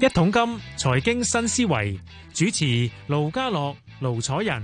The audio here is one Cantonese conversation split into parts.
一桶金財經新思維主持盧家樂、盧楚仁。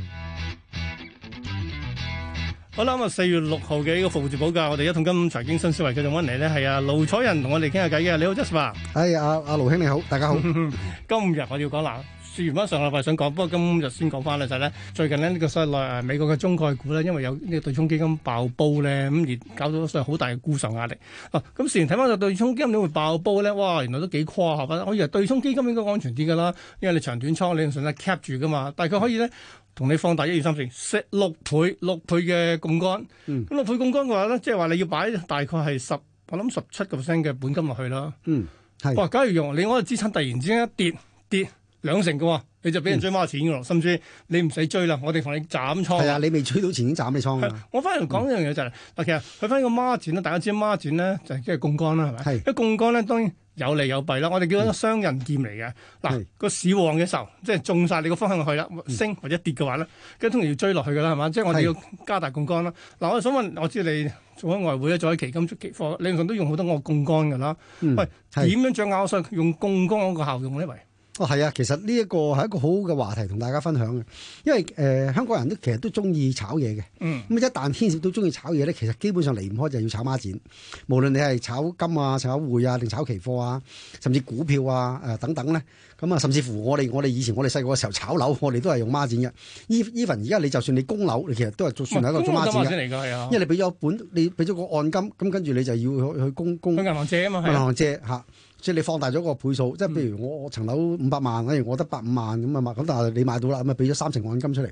好啦，四月六號嘅呢個富士寶價，我哋一桶金財經新思維繼續溫嚟咧，係啊盧楚仁同我哋傾下偈嘅。你好，Jasper。係啊，阿盧兄你好，大家好。 今日我要講喇。説完翻上個禮拜想講，不過今日先講翻咧就係、是、咧，最近咧呢、這個室內啊美國嘅中概股咧，因為有呢個對沖基金爆煲咧，咁而搞到所以好大嘅沽售壓力。咁、啊嗯、事前睇翻個對沖基金你會爆煲咧？哇！原來都幾誇下，我以為對沖基金應該安全啲嘅啦，因為你長短倉，你仲順勢 cap 住嘅嘛。大概可以咧同你放大一二三成，四六倍六倍嘅槓桿。咁六、嗯、倍槓桿嘅話咧，即係話你要擺大概係十，我諗十七個 percent 嘅本金落去啦。嗯，係。哇！假如用你嗰個資產突然之間一跌跌。跌跌兩成嘅喎，你就俾人追孖錢嘅咯，嗯、甚至你唔使追啦，我哋同你斬倉。係啊，你未追到錢已經斬你倉啦。我反而講一樣嘢就係，嗱、嗯，其實去翻個孖展啦，大家知孖展咧就係即係槓桿啦，係咪？係是。一槓桿咧當然有利有弊啦，我哋叫咗雙刃劍嚟嘅。嗱個市旺嘅時候，即係中晒你個方向去啦，升或者跌嘅話咧，跟住通常要追落去嘅啦，係嘛？即係我哋要加大槓桿啦。嗱，我想問，我知你做開外匯咧，做開期金、期貨，你通常都用好多我槓桿嘅啦。喂、嗯，點樣掌握上用槓桿嗰個效用咧？喂、嗯。哦，係啊，其實呢一個係一個好好嘅話題，同大家分享嘅。因為誒、呃，香港人都其實都中意炒嘢嘅。嗯，咁一旦牽涉到中意炒嘢咧，其實基本上離唔開就要炒孖展。無論你係炒金啊、炒匯啊，定炒期貨啊，甚至股票啊誒、呃、等等咧。咁啊，甚至乎我哋我哋以前我哋細個嘅時候炒樓，我哋都係用孖展嘅。even 而家你就算你供樓，你其實都係算係一個做孖展嘅。供樓先嚟噶，係啊。因為你俾咗本，你俾咗個按金，咁跟住你就要去去供供。銀行借啊嘛，係。銀行借吓。啊。即係你放大咗個倍數，即係譬如我我層樓五百萬，例如我得百五萬咁啊嘛，咁但係你買到啦，咁啊俾咗三成按金出嚟。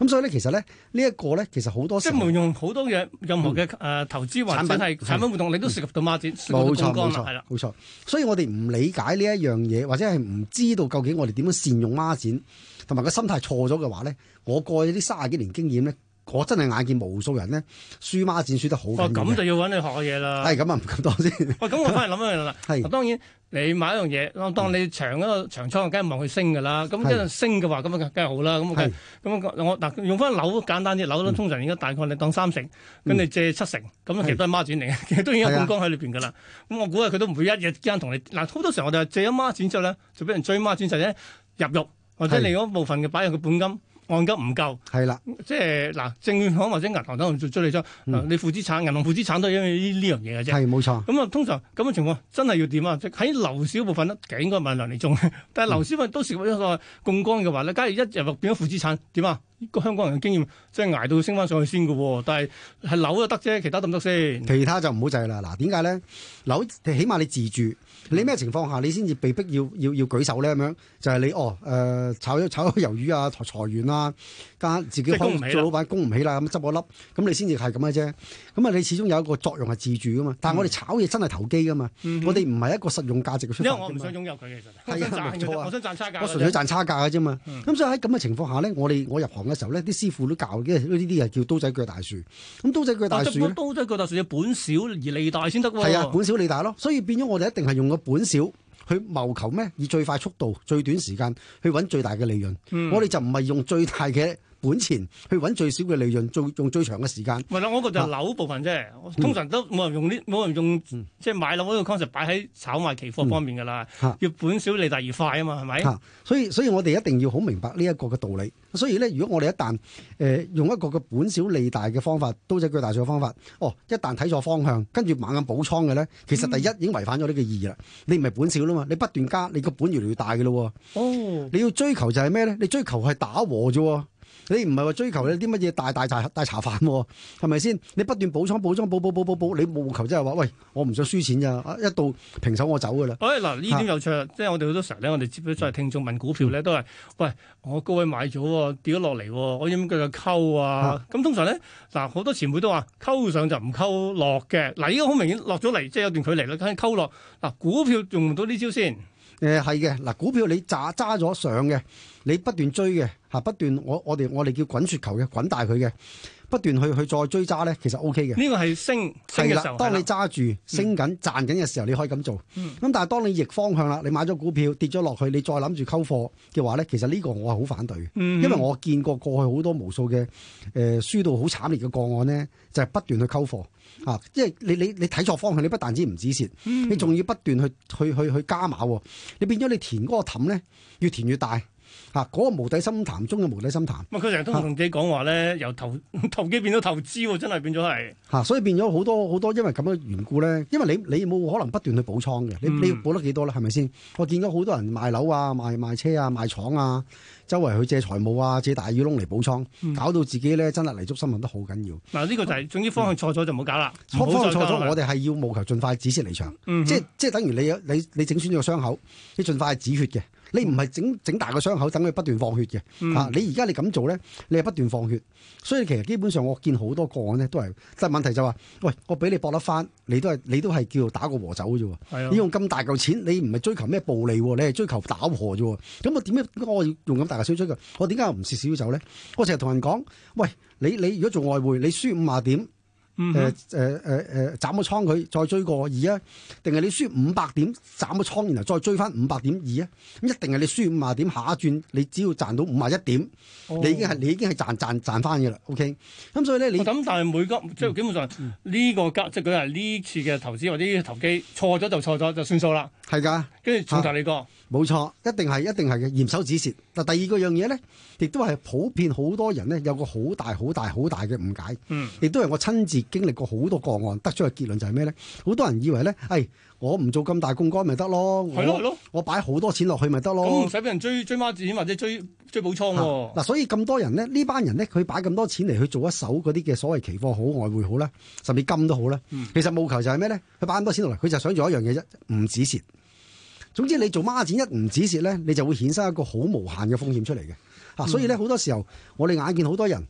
咁所以咧其實咧呢一個咧其實好多時即係運用好多嘢，任何嘅誒投資或產品，係產品活動，嗯、你都涉及到孖展，涉及到槓桿啦係啦，冇錯，冇錯，所以我哋唔理解呢一樣嘢，或者係唔知道究竟我哋點樣善用孖展，同埋個心態錯咗嘅話咧，我過去啲卅幾年經驗咧。我真係眼見無數人咧，輸孖展輸得好㗎、哦、咁就要揾你學嘅嘢啦。係咁啊，唔咁多先。喂、哦，咁我翻嚟諗一樣啦。係 是。當然，你買一樣嘢，當你長一個長倉，梗係望佢升㗎啦。咁即係升嘅話，咁啊梗係好啦。咁咁我嗱是用翻樓簡單啲，樓通常而家大概你當三成，跟、嗯、你借七成，咁其實都係孖展嚟嘅，其實是 都已經有本金喺裏邊㗎啦。咁我估啊，佢都唔會一日之間同你嗱，好多時候我哋係借咗孖展之後咧，就俾人追孖展，或者入肉，或者你嗰部分嘅擺入佢本金。是按金唔夠係啦，的即係嗱，證券行或者銀行都做追利商。你負資產，銀行負資產都係因為呢樣嘢嘅啫。係冇錯。咁啊，通常咁嘅情況真係要點啊？喺留少樓市嗰部分啦，幾應該咪兩年中。但係樓市嗰份都時會一個槓桿嘅話咧，假如一日變咗負資產，點啊？個香港人嘅經驗，即係捱到升翻上去先嘅喎、哦，但係係樓就得啫，其他得唔得先？其他就唔好制啦。嗱，點解咧？樓起碼你自住，你咩情況下你先至被逼要要要舉手咧？咁樣就係、是、你哦誒、呃，炒咗炒咗魷魚啊，裁，裁員啊，間自己做嘅老闆供唔起啦，咁執我粒，咁你先至係咁嘅啫。咁啊！你始終有一個作用係自主噶嘛，但係我哋炒嘢，真係投機噶嘛，嗯、哼我哋唔係一個實用價值嘅出發。因為我唔想擁有佢，其實。係啊。啊我想賺差價，嗯嗯。我純粹賺差價嘅啫嘛。咁所以喺咁嘅情況下咧，我哋我入行嘅時候咧，啲師傅都教嘅，呢啲嘢，叫刀仔鋸大樹。咁刀仔鋸大樹。但係，刀仔鋸大樹要、啊、本小而利大先得，啊。係啊，本小利大咯。所以變咗我哋一定係用個本小去謀求咩？以最快速度、最短時間去搵最大嘅利潤。嗯、我哋就唔係用最大嘅。本錢去揾最少嘅利潤，做用最長嘅時間。唔係啦，我、嗰個就係樓部分啫。啊、通常都冇人用呢，冇人用即係、嗯就係、買樓嗰個 concept 擺喺炒賣期貨方面嘅啦。要、啊、本少利大而快啊嘛，係咪、啊？所以所以我哋一定要好明白呢一個嘅道理。所以咧，如果我哋一旦誒、呃、用一個嘅本小利大嘅方法，刀仔鋸大樹嘅方法，哦，一旦睇錯方向，跟住猛咁補倉嘅咧，其實第一、嗯、已經違反咗呢個意義啦。你唔係本少啦嘛，你不斷加，你個本越嚟越大嘅咯。哦，你要追求就係咩咧？你追求係打和啫。你唔係話追求一啲乜嘢大大大大茶飯，係咪先？你不斷補倉、補倉、補補補補補,補，你務求即係話：喂，我唔想輸錢咋，一到平手我走㗎啦。哎嗱、欸，呢點有趣，啊、即係我哋好多時候咧，我哋接咗在聽眾問股票咧，都係：喂，我高位買咗跌咗落嚟，我點解又溝啊？咁、啊啊、通常咧，嗱好多前輩都話溝上就唔溝落嘅。嗱，依家好明顯落咗嚟，即係有段距離啦、啊，梗係溝落嗱，股票用唔到呢招先。誒，係嘅，嗱，股票你揸揸咗上嘅，你不斷追嘅，吓不斷，我我哋我哋叫滾雪球嘅，滾大佢嘅。不斷去去再追揸咧，其實 O K 嘅。呢個係升升嘅時候，當你揸住升緊賺緊嘅時候，你可以咁做。咁、嗯、但係當你逆方向啦，你買咗股票跌咗落去，你再諗住溝貨嘅話咧，其實呢個我係好反對嘅。嗯、因為我見過過去好多無數嘅誒輸到好慘烈嘅個案咧，就係、是、不斷去溝貨啊！即係你你你睇錯方向，你不但不止唔止蝕，嗯、你仲要不斷去去去去,去加碼，你變咗你填嗰個氹咧越填越大。越吓，嗰、啊那個無底深潭中嘅無底深潭。佢成日都同自己講話咧，由投投機變咗投資喎，真係變咗係。嚇、啊，所以變咗好多好多，因為咁樣緣故咧，因為你你冇可能不斷去補倉嘅，你你要補得幾多啦？係咪先？我見到好多人賣樓啊、賣賣車啊、賣廠啊，周圍去借財務啊、借大耳窿嚟補倉，嗯、搞到自己咧真係泥足深陷都好緊要。嗱、啊，呢、這個就係、是、總之方向錯咗就唔好搞啦。嗯、搞方向錯咗，我哋係要務求盡快止蝕離場。嗯、哼即係即係等於你你你整損咗個傷口，你盡快止血嘅。嗯哼你唔係整整大個傷口，等佢不斷放血嘅。嚇、嗯。你而家你咁做咧，你係不斷放血，所以其實基本上我見好多個案咧都係，但問題就話、是，喂，我俾你搏得翻，你都係你都係叫做打個和走嘅啫喎。啊、你用咁大嚿錢，你唔係追求咩暴利，你係追求打和啫喎。咁我點解我用咁大嚿水出嘅？我點解唔蝕少走咧？我成日同人講，喂，你你如果做外匯，你輸五十點。誒誒誒誒，斬、嗯呃呃呃呃、個倉佢，再追過二啊？定係你輸五百點，斬個倉，然後再追翻五百點二啊？咁一定係你輸五啊點下一轉，你只要賺到五啊一點、哦你，你已經係你已經係賺賺賺翻嘅啦。OK，咁所以咧，你咁但係每個即係基本上呢、這個即係佢係呢次嘅投資或者投機錯咗就錯咗，就算數啦。係㗎。跟住重頭嚟過，冇、啊、錯，一定係一定係嘅嚴守止蝕。嗱，第二個樣嘢咧，亦都係普遍好多人咧有個好大好大好大嘅誤解。嗯，亦都係我親自經歷過好多個案，得出嘅結論就係咩咧？好多人以為咧，誒、哎，我唔做咁大槓桿咪得咯？係咯，我擺好的多錢落去咪得咯？咁唔使俾人追追孖展或者追追補倉、啊。嗱、啊，所以咁多人咧，呢班人咧，佢擺咁多錢嚟去做一手嗰啲嘅所謂期貨好外匯好啦，甚至金都好啦。嗯、其實務求就係咩咧？佢擺咁多錢落嚟，佢就想做一樣嘢啫，唔止蝕。總之你做孖展一唔止蝕咧，你就會衍生一個好無限嘅風險出嚟嘅，吓、嗯、所以咧，好多時候我哋眼見好多人，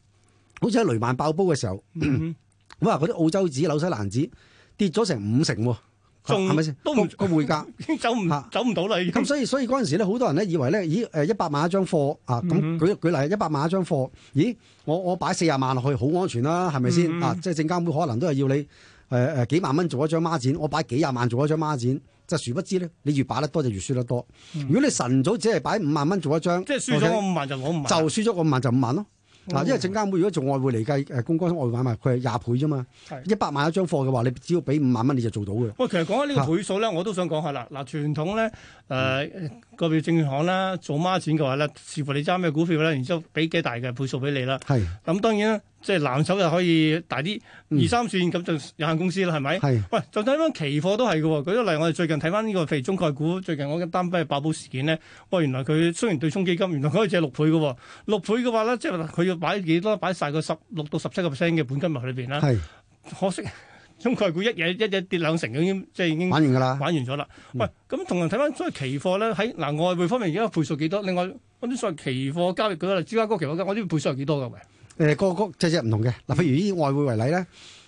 好似喺雷曼爆煲嘅時候，咁啊嗰啲澳洲紙、紐西蘭紙跌咗成五成，仲係咪先？是是都不個匯價已經走唔走唔到啦。咁、啊、所以所以嗰陣時咧，好多人咧以為咧，咦？誒一百萬一張貨啊，咁舉舉例一百萬一張貨，咦？我我擺四十萬落去好安全啦，係咪先？啊，即係、嗯啊就是、證監會可能都係要你誒誒幾萬蚊做一張孖展，我擺幾十萬做一張孖展。就殊不知咧，你越擺得多就越輸得多。嗯、如果你晨早只係擺五萬蚊做一張，即係輸咗五萬就攞五萬，就輸咗五萬就五萬咯。嗱、嗯，因為證監會如果做外匯嚟計誒，公開外買賣佢係廿倍啫嘛，一百是萬一張貨嘅話，你只要俾五萬蚊你就做到嘅。喂，其實講緊呢個倍數咧，是我都想講下啦。嗱，傳統咧誒個別證券行啦，做孖展嘅話咧，視乎你揸咩股票啦，然之後俾幾大嘅倍數俾你啦。係是，咁當然咧。即係攬手就可以大啲、嗯、二三線咁就有限公司啦，係咪？係是。喂，就睇翻期貨都係嘅喎。舉個例，我哋最近睇翻呢個譬如中概股，最近我嘅單批爆煲事件咧，喂，原來佢雖然對沖基金，原來可以借六倍嘅喎、哦，六倍嘅話咧，即係佢要擺幾多？擺晒個十六到十七個 percent 嘅本金入去裏邊啦。係是。可惜中概股一嘢一日跌兩成，已經即係已經。已經玩完㗎啦。玩完咗啦。嗯、喂，咁同樣睇翻所謂期貨咧，喺、呃、外匯方面而家個倍數幾多？另外，我啲所謂期貨交易舉例啦，芝加哥期貨交，我啲倍數係幾多喂。誒，各個各個隻隻唔同嘅。嗱，譬如以外匯為例咧，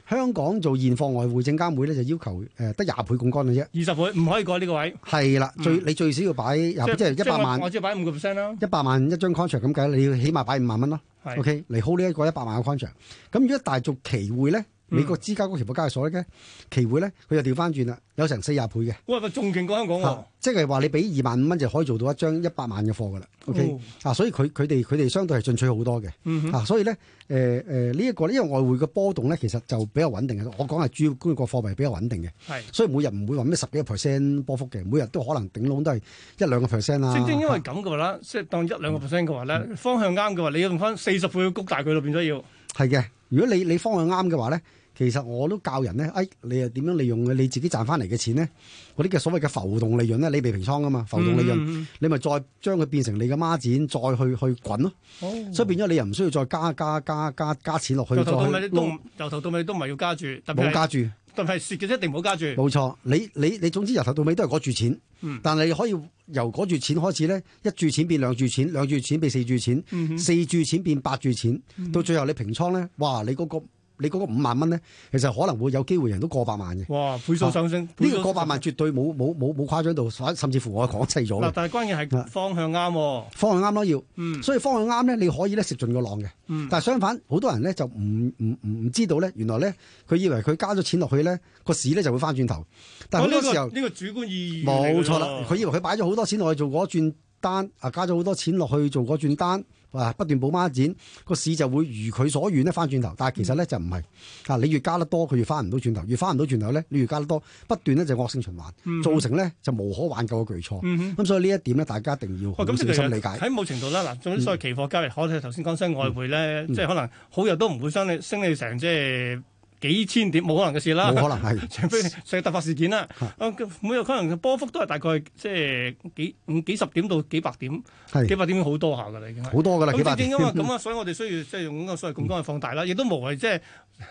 香港做現貨外匯，證監會咧就要求誒得廿倍槓杆嘅啫，二十倍唔可以過呢個位。係啦的，嗯、最你最少要擺廿即係一百萬我，我只要擺五個 percent 啦。一、啊、百萬一張 contract 咁計，你要起碼擺五萬蚊咯。的 OK，嚟 hold 呢一個一百萬嘅 contract。咁如果大做期匯咧？美國芝加哥期貨交易所咧，期會咧，佢就調翻轉啦，有成四十倍嘅。哇，仲勁過香港喎！即係話你俾二萬五蚊就可以做到一張一百萬嘅貨噶啦。O、okay? K，、哦、啊，所以佢佢哋佢哋相對係進取好多嘅。啊，所以咧，誒、呃、誒，呢、呃、一、這個咧，因為外匯嘅波動咧，其實就比較穩定嘅。我講係主要，主要個貨幣比較穩定嘅。係是。所以每日唔會話咩十幾個 percent 波幅嘅，每日都可能頂籠都係一兩個 percent 啦。啊嗯啊、正正因為咁嘅話即係當一兩個 percent 嘅話咧，嗯、方向啱嘅話，你要用翻四十倍要谷大佢咯，變咗要。係嘅，如果你你方向啱嘅話咧。其實我都教人咧，哎，你又點樣利用你自己賺翻嚟嘅錢咧？嗰啲嘅所謂嘅浮動利潤咧，你未平倉啊嘛，浮動利潤，嗯、你咪再將佢變成你嘅孖展，再去去滾咯。哦，所以變咗你又唔需要再加加加加加錢落去。由到再由頭到尾都唔係要加住，冇加住，但係蝕嘅一定冇加住。冇錯，你你你，你總之由頭到尾都係嗰注錢，嗯、但係你可以由嗰注錢開始咧，一注錢變兩注錢，兩注錢，錢，錢變四注錢，四注錢變八注錢，嗯、到最後你平倉咧，哇！你嗰、嗰個你嗰個五萬蚊咧，其實可能會有機會贏到過百萬嘅。哇！倍數上升，呢、啊、個過百萬絕對冇冇冇冇誇張到，甚至乎我講細咗。嗱，但係關鍵係方向啱、哦，方向啱咯要。嗯。所以方向啱咧，你可以咧食盡個浪嘅。嗯。但係相反，好多人咧就唔唔唔知道咧，原來咧佢以為佢加咗錢落去咧，個市咧就會翻轉頭。但係好多時候，呢、啊這個這個主觀意義冇錯啦。佢、啊、以為佢擺咗好多錢落去做嗰一轉單，啊加咗好多錢落去做嗰轉單。哇！不斷補孖展，個市就會如佢所願咧翻轉頭，但係其實咧、嗯、就唔係嚇，你越加得多，佢越翻唔到轉頭，越翻唔到轉頭咧，你越加得多，不斷咧就惡性循環，造成咧就無可挽救嘅巨錯。咁、嗯、哼所以呢一點咧，大家一定要好小心理解。喺某程度啦，嗱，仲有所謂期貨交易，我哋頭先講聲外匯咧，嗯嗯、即係可能好日都唔會升你升你成即係。幾千點冇可能嘅事啦，冇可能係除非成個突發事件啦是、啊。每日可能嘅波幅都係大概即係幾幾十點到幾百點，是幾百點多好多下㗎啦已經。好多㗎啦，咁正㗎嘛，咁啊，所以我哋需要即係、嗯嗯、用咁所謂咁多嘅放大啦，亦都無謂即係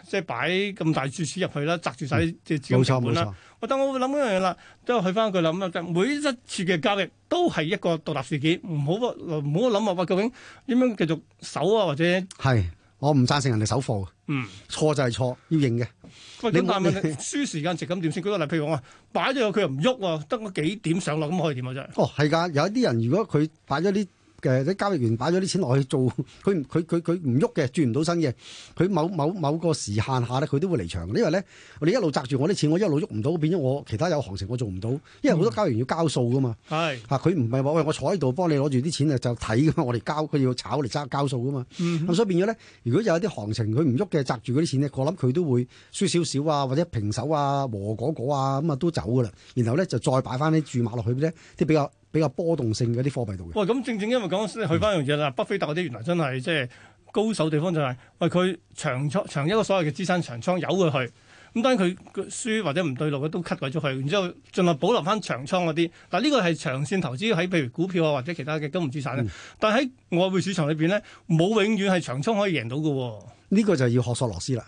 即係擺咁大注資入去啦，擲住晒即係資金管啦。但、嗯啊、我會諗一樣嘢啦，都係去翻佢啦。啊，每一次嘅交易都係一個獨立事件，唔好唔、呃、好諗話究竟點樣繼續守啊，或者係。是我唔贊成人哋守貨嘅，嗯、錯就係錯，要認嘅。咁但係輸時間值咁點先？舉個例，譬如我話擺咗佢又唔喐喎，得嗰幾點上落咁可以點啊？啫？哦，係㗎，有一啲人如果佢擺咗啲。嘅啲交易員擺咗啲錢落去做，佢佢佢佢唔喐嘅，轉唔到身嘅。佢某某某個時限下咧，佢都會離場。因為咧，你一路擲住我啲錢，我一路喐唔到，變咗我其他有行情我做唔到。因為好多交易員要交數㗎嘛，係吓，佢唔係話喂，我坐喺度幫你攞住啲錢啊，就睇㗎嘛，我哋交佢要炒嚟揸交數㗎嘛。咁所以變咗咧，如果有啲行情佢唔喐嘅擲住嗰啲錢咧，我諗佢都會輸少少啊，或者平手啊，和果果啊咁啊都走㗎啦。然後咧就再擺翻啲注碼落去咧，啲比較。比較波動性嘅啲貨幣度嘅，喂，咁正正因為講去翻樣嘢啦，嗯、北非特嗰啲原來真係即係高手地方就係、是，喂，佢長倉長一個所謂嘅資產長倉有佢去，咁當然佢輸或者唔對路嘅都 cut 鬼咗去，然之後盡量保留翻長倉嗰啲，嗱，呢個係長線投資喺譬如股票啊或者其他嘅金融資產咧，嗯、但喺外匯市場裏邊咧，冇永遠係長倉可以贏到嘅、啊。呢個就要學索羅斯啦，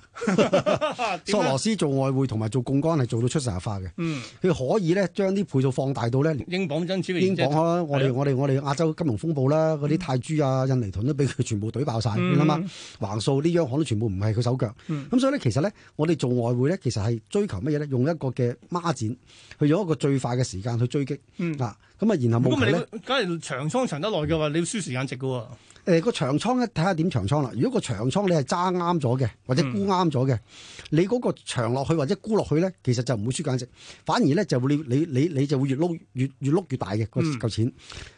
索羅斯做外匯同埋做槓桿係做到出神入化嘅。嗯，佢可以咧將啲倍數放大到咧，英鎊曾幾英鎊我哋我哋我哋亞洲金融風暴啦，嗰啲泰銖啊、印尼盾都俾佢全部懟爆晒。你諗嘛？橫掃啲央行都全部唔係佢手腳。咁所以咧，其實咧，我哋做外匯咧，其實係追求乜嘢咧？用一個嘅孖展去用一個最快嘅時間去追擊。嗯咁啊，然後冇咧，梗係長倉長得耐嘅話，你要輸時間值嘅喎。誒，呃那個長倉咧，睇下點長倉啦。如果個長倉你係揸啱咗嘅，或者沽啱咗嘅，你嗰個長落去或者沽落去咧，其實就唔會輸減值，反而咧就會你你你你就會越碌越越碌越大嘅嗰嚿錢。嗯、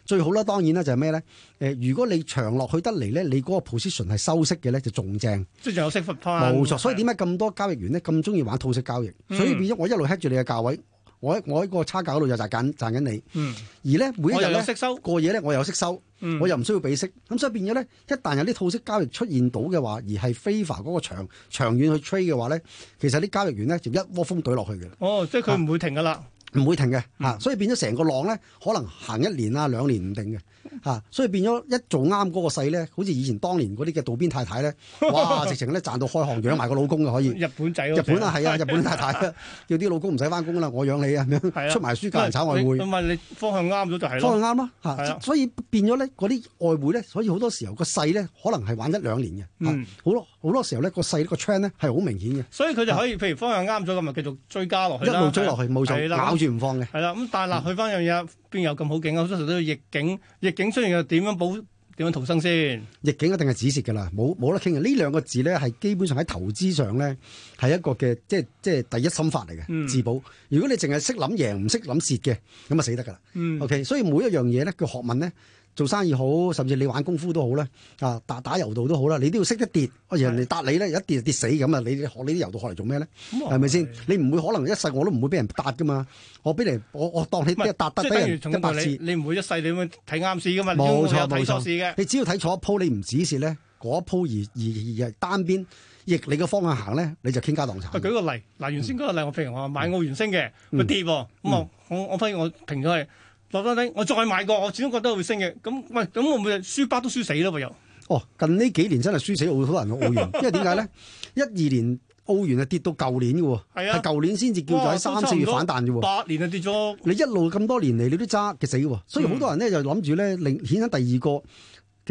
最好啦，當然啦就係咩咧？誒、呃，如果你長落去得嚟咧，你嗰個 position 係收息嘅咧，就仲正，即係仲有息復派。冇錯，所以點解咁多交易員咧咁中意玩套息交易？所以變咗我一路吃住你嘅價位。我喺我喺個差價嗰度又就賺賺緊你，嗯、而咧每一日咧過夜咧我又有息收，我又唔需要俾息，咁所以變咗咧，一旦有啲套息交易出現到嘅話，而係非法嗰個長長遠去 trade 嘅話咧，其實啲交易員咧就一窩蜂懟落去嘅。哦，即係佢唔會停噶啦，唔、啊、會停嘅嚇、嗯啊，所以變咗成個浪咧，可能行一年啊兩年唔定嘅。吓，所以變咗一做啱嗰個勢咧，好似以前當年嗰啲嘅渡邊太太咧，哇，直情咧賺到開行養埋個老公就可以。日本仔，日本啊係啊，日本太太，啊，叫啲老公唔使翻工啦，我養你啊，咁樣出埋書教人炒外匯。唔係你方向啱咗就係咯，方向啱啦吓，所以變咗咧嗰啲外匯咧，所以好多時候個勢咧可能係玩一兩年嘅，好多好多時候咧個勢個 trend 咧係好明顯嘅。所以佢就可以，譬如方向啱咗咁啊，繼續追加落去，一路追落去冇錯，咬住唔放嘅。係啦，咁但係嗱，去翻樣嘢。邊有咁好景呀？好多時都要逆境，逆境雖然又點樣保、點樣逃生先？逆境一定係止蝕㗎啦，冇冇得傾嘅。呢兩個字咧，係基本上喺投資上咧，係一個嘅即係即係第一心法嚟嘅、嗯、自保。如果你淨係識諗贏，唔識諗蝕嘅，咁啊死得㗎啦。嗯、OK，所以每一樣嘢咧，個學問咧。做生意好，甚至你玩功夫都好啦，啊打打柔道都好啦，你都要識得跌，的人哋搭你咧一跌就跌死咁啊！你學呢啲柔道學嚟做咩咧？係咪先？是是你唔會可能一世我都唔會俾人搭㗎嘛？我俾你，我我當你人一搭得一百次，你唔會一世你咁睇啱事㗎嘛？冇錯冇錯，錯，你只要睇錯一鋪，你唔止蝕咧，嗰一鋪而而而係單邊逆你嘅方向行咧，你就傾家蕩產。舉個例，嗱，原先嗰個例我譬如我買澳元升嘅，佢、嗯、跌咁、啊嗯嗯嗯嗯、我我我反我停咗係。落翻低，我再買過，我始終覺得會升嘅。咁喂，咁我咪輸巴都輸死咯！又哦，近呢幾年真係輸死好多人澳元， 因為點解咧？一、二年澳元係跌到舊年嘅喎，係舊 年先至叫做喺三四月反彈咋喎，八年啊跌咗。你一路咁多年嚟，你都揸嘅死喎。所以好多人咧就諗住咧，另衍生第二個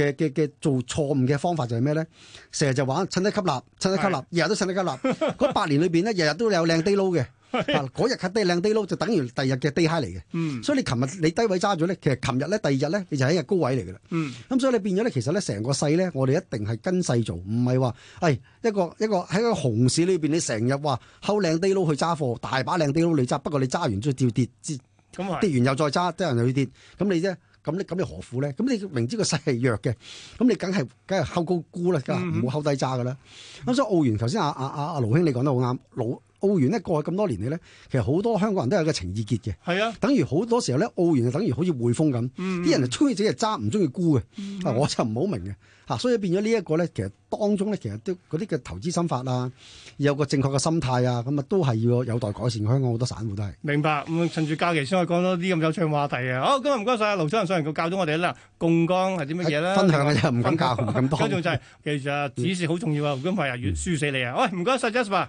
嘅嘅嘅做錯誤嘅方法就係咩咧？成日就玩趁低吸納，趁低吸納，日日的都趁低吸納。嗰八 年裏邊咧，日日都有靚低撈嘅。 嗱，嗰、 啊、日吸低靚低撈，就等於第日嘅低 high 嚟嘅。嗯、所以你琴日你低位揸咗咧，其實琴日咧第二日咧，你就喺日高位嚟噶啦。咁、嗯、所以你變咗咧，其實咧成個勢咧，我哋一定係跟勢做，唔係話係一個一個喺個熊市裏邊，你成日話，候靚低撈去揸貨，大把靚低撈你揸，不過你揸完之後跌跌跌，跌完又再揸，等人去跌。咁、嗯、你啫，咁你咁你，你何苦咧？咁你明知個勢係弱嘅，咁你梗係梗係候高沽啦，梗唔好候低揸噶啦。咁、嗯、所以澳元，頭先阿阿阿盧兄你講得好啱，老。澳元咧過去咁多年嚟咧，其實好多香港人都有個情意結嘅。係啊，等於好多時候咧，澳元就等於好似匯豐咁，啲人中意淨係揸，唔中意沽嘅。我就唔好明嘅嚇，所以變咗呢一個咧，其實當中咧，其實都嗰啲嘅投資心法啊，有個正確嘅心態啊，咁啊都係要有待改善。香港好多散戶都係。明白。咁趁住假期先可以講多啲咁有趣嘅話題啊！好，今日唔該晒啊，盧生上嚟教咗我哋啦，槓桿係啲乜嘢啦？分享嘅唔敢教咁多。就係其實指示好重要啊，胡金華又輸死你啊！喂，唔該曬，Joseph。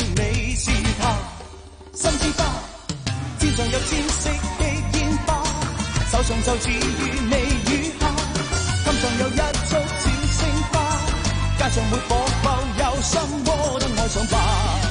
天色的煙花，手上就似雨未雨下，心上有一束小星花，街上每步都有心窩都愛上吧。